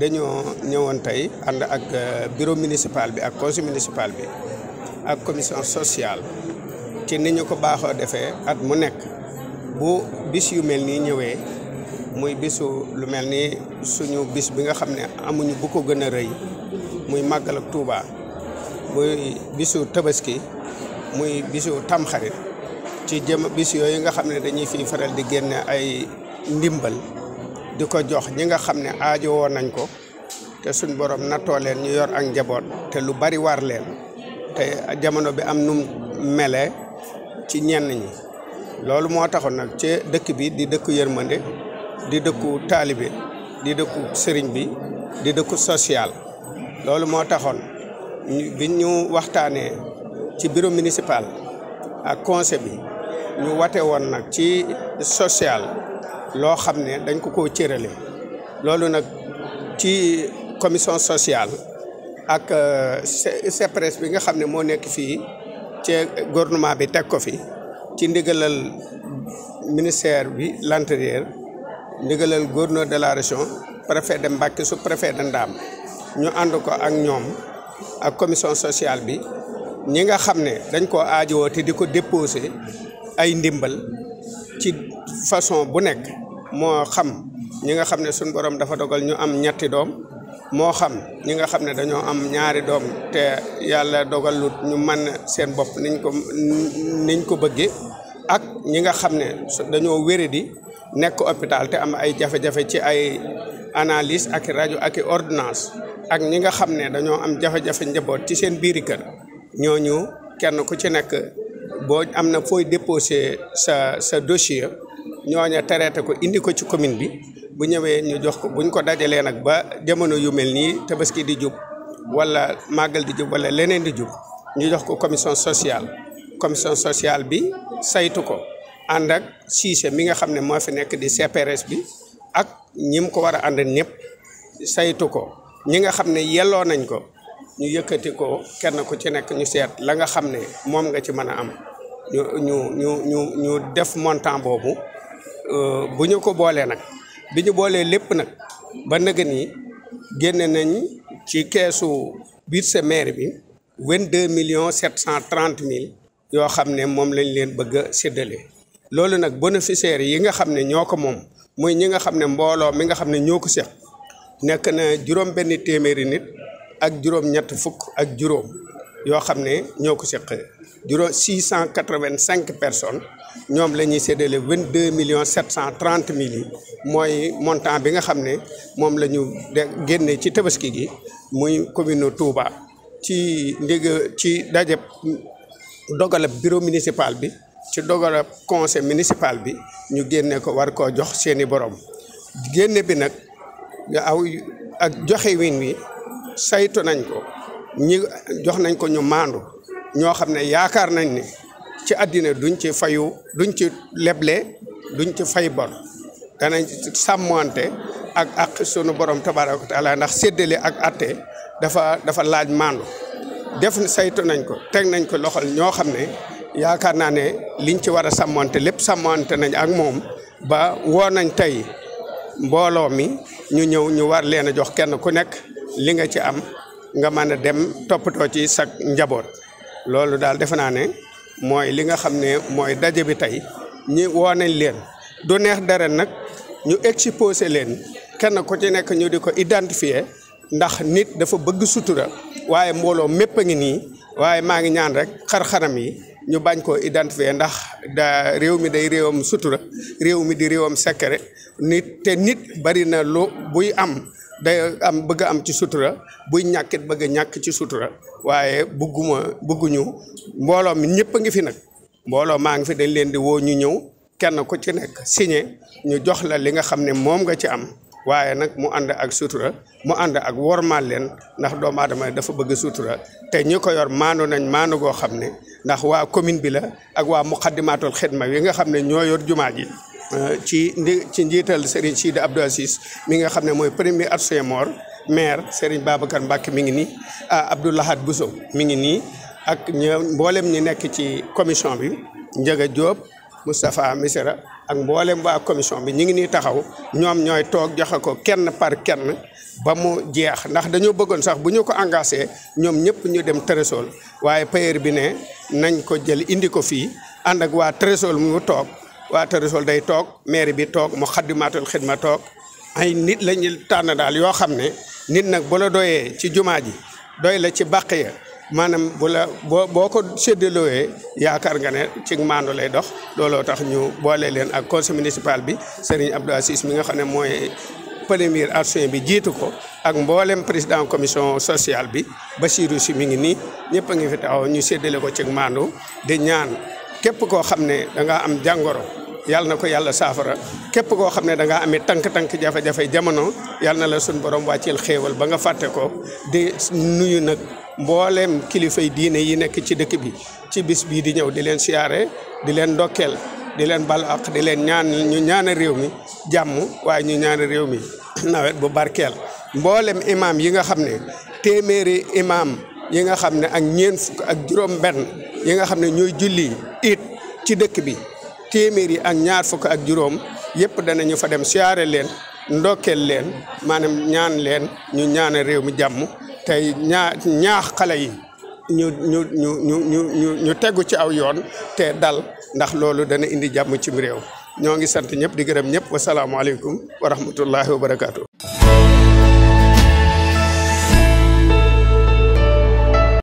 dañoo ñëwoon tey ànd ak euh, bureau municipal bi ak conseil municipal bi ak commission sociale ci ni ñu ko baaxoo defee at mu nekk bu bis yu mel nii ñëwee muy bisu lu mel ni suñu bis bi nga xam ne amuñu bu ko gën a rëy muy màggal ak Touba muy bisu tabaski muy bisu tamxarit ci jëm bis yooyu nga xam ne dañuy fi faral di génne ay ndimbal di ko jox ñi nga xam ne aajo woon nañ ko te suñ borom nattoo leen ñu yor ak njaboot te lu bari war leen te jamono bi am num mele ci ñenn ñi loolu moo taxoon nag ci dëkk bi di dëkku yërmande di dëkku taalibe di dëkku sëriñ bi di dëkku social loolu moo taxoon bi ñu waxtaanee ci bureau municipal ak conseil bi ñu wate woon nag ci social loo xam ne dañ ko koo cërale loolu nag ci commission sociale ak CEPRES euh, bi nga xam ne moo nekk fii ci gouvernement bi teg ko fi ci ndigalal ministère bi l'intérieur ndigalal gouverneur de la région préfet de Mbacké su préfet de Ndam ñu ànd ko ak ñoom ak commission sociale bi ñi nga xam ne dañ koo aajowoo te di ko déposer ay ndimbal ci façon bu nekk moo xam ñi nga xam ne suñ borom dafa dogal ñu am ñetti doom moo xam ñi nga xam ne dañoo am ñaari doom te yàlla dogalut ñu mën seen bopp niñ ko niñ ko bëggee ak ñi nga xam ne dañoo wéradi nekk hôpital te am ay jafe-jafe ci ay analise ak rajo ak ordinance ak ñi nga xam ne dañoo am jafe-jafe njaboot ci seen biiri kër ñooñu kenn ku ci nekk boo am na fooy déposé sa sa dossier ñooña traité ko indi ko ci commune bi bu ñëwee ñu jox ko buñ ko dajalee nag ba jamono yu mel nii tabaski di jub wala màggal di jub wala leneen di jub ñu jox ko commission sociale commission sociale bi saytu ko ànd ak siise mi nga xam ne moo fi nekk di CPRS bi ak ñi ko war a ànd ñëpp saytu ko ñi nga xam ne yelloo nañ ko ñu yëkkati ko kenn ku ci nekk ñu seet la nga xam ne moom nga ci mën a am ñu ñu ñu ñu ñu def montant boobu euh, bu ñu ko boolee nag bi ñu boolee lépp nag ba nëgë nii génne nañ ci keesu budget maire bi vingt-deux millions sept cent trente yoo xam ne moom lañ leen bëgg a séddale loolu nag bénéficiaires yi nga xam ne ñoo ko moom muy ñi nga xam ne mbooloo mi nga xam ne ñoo ko seq nekk na juróom benn téeméeri nit ak juróom ñett fukk ak juróom yoo xam ne ñoo ko seq juróom six cent quatre cinq personnes ñoom la ñuy séddale vingt deux million sept cent trente mille mooy montant bi nga xam ne moom la ñu de génne ci tabaski gi muy commune Touba ci ndig ci dajab dogalab bureau municipal bi ci dogalab conseil municipal bi ñu génne ko war koo jox seeni borom génne bi nag aw ak joxe win wi saytu nañ ko ñi jox nañ ko ñu maandu ñoo xam ne yaakaar nañ ni ci àddina duñ ci fayu duñ ci leble duñ ci fay bor danañ sàmmante ak ak sunu borom tabaaraka wa taala ndax séddale ak atte dafa dafa laaj maandu def saytu nañ ko teg nañ ko loxol ñoo xam ne yaakaar naa ne liñ ci war a sàmmante lépp sàmmante nañ ak moom ba woo nañ tey mbooloo mi ñu ñëw ñu war leen a jox kenn ku nekk li nga ci am nga mën a dem toppatoo ci sa njaboot. loolu daal defe naa ne mooy li nga xam ne mooy daje bi tey ñi woo leen du neex dara nag ñu exposé leen kenn ku ci nekk ñu di ko identifier ndax nit dafa bëgg sutura waaye mbooloo mépp a ngi nii waaye maa ngi ñaan rek xar yi ñu bañ koo identifier ndax da réew mi day réewam sutura réew mi di réewam secret nit te nit bari na lu buy am day am bëgg am ci sutura buy ñàkkit bëgg ñàkk ci sutura waaye bëgguma bëgguñu mbooloo mi ñëpp a ngi fi nag mbooloo maa ngi fi dañ leen di woo ñu ñëw kenn ku ci nekk signé ñu jox la li nga xam ne moom nga ci am waaye nag mu ànd ak sutura mu ànd ak wormaal leen ndax doomu aadama dafa bëgg sutura te ñi ko yor maandu nañ maandu goo xam ne ndax waa commune bi la ak waa muqaddimatul xidma wi nga xam ne ñoo yor jumaa ji euh, ci ci njiital Serigne Sidi Abdou Aziz mi nga xam ne mooy premier adjoint mor maire Serigne Babacar Mbacke mi ngi nii ah Abdou Lahad Bousso mi ngi nii ak ñoom mboolem ñi nekk ci commission bi Ndiaga Diop. Moustapha Missira ak mboolem waa commission bi ñu ngi nii taxaw ñoom ñooy toog joxe ko kenn par kenn ba mu jeex ndax dañoo bëggoon sax bu ñu ko engagé ñoom ñëpp ñu dem trésor waaye payeur bi ne nañ ko jël indi ko fii ànd ak waa trésor mu toog waa trésor day toog maire bi toog mu xaddimaatul xidma toog ay nit la ñu tànn daal yoo xam ne nit nag bu la doyee ci jumaa ji doy la ci bàq ya maanaam bu la boo boo ko séddalooyee yaakaar nga ne ci maandu lay dox looloo tax ñu boole leen ak conseil municipal bi Serigne Abdou Assis mi nga xam ne mooy premier adjoint bi jiitu ko ak mboolem président commission sociale bi ba Bassirou si mi ngi nii ñëpp a ngi fi taxaw ñu séddale ko ci maandu di ñaan képp koo xam ne da am jàngoro yàlla na ko yàlla saafara képp koo xam ne da ngaa amee tànk-tànk jafe-jafe jamono yàlla na la suñ borom wàcceel xéewal ba nga fàtte ko di nuyu nag. mbooleem kilifay diine yi nekk ci dëkk bi ci bis bii di ñëw di leen siyaare di leen ndokkeel di leen bal di leen ñaan ñu ñaana réew mi jàmm waaye ñu ñaana réew mi nawet bu barkeel mboolem imaam yi nga xam ne téeméeri imaam yi nga xam ne ak ñeen fukk ak juróom benn yi nga xam ne ñooy julli it ci dëkk bi téeméeri ak ñaar fukk ak juróom yëpp danañu fa dem siyaare leen ndokkeel leen maanaam ñaan leen ñu ñaana réew mi jàmm tey ñaa ñaax xale yi ñu ñu ñu ñu ñu ñu tegu ci aw yoon te dal ndax loolu dana indi jàmm cim réew ñoo ngi sant ñëpp di gërëm ñëpp wasalaamualeykum wa rahmatullahi wa barakaatu.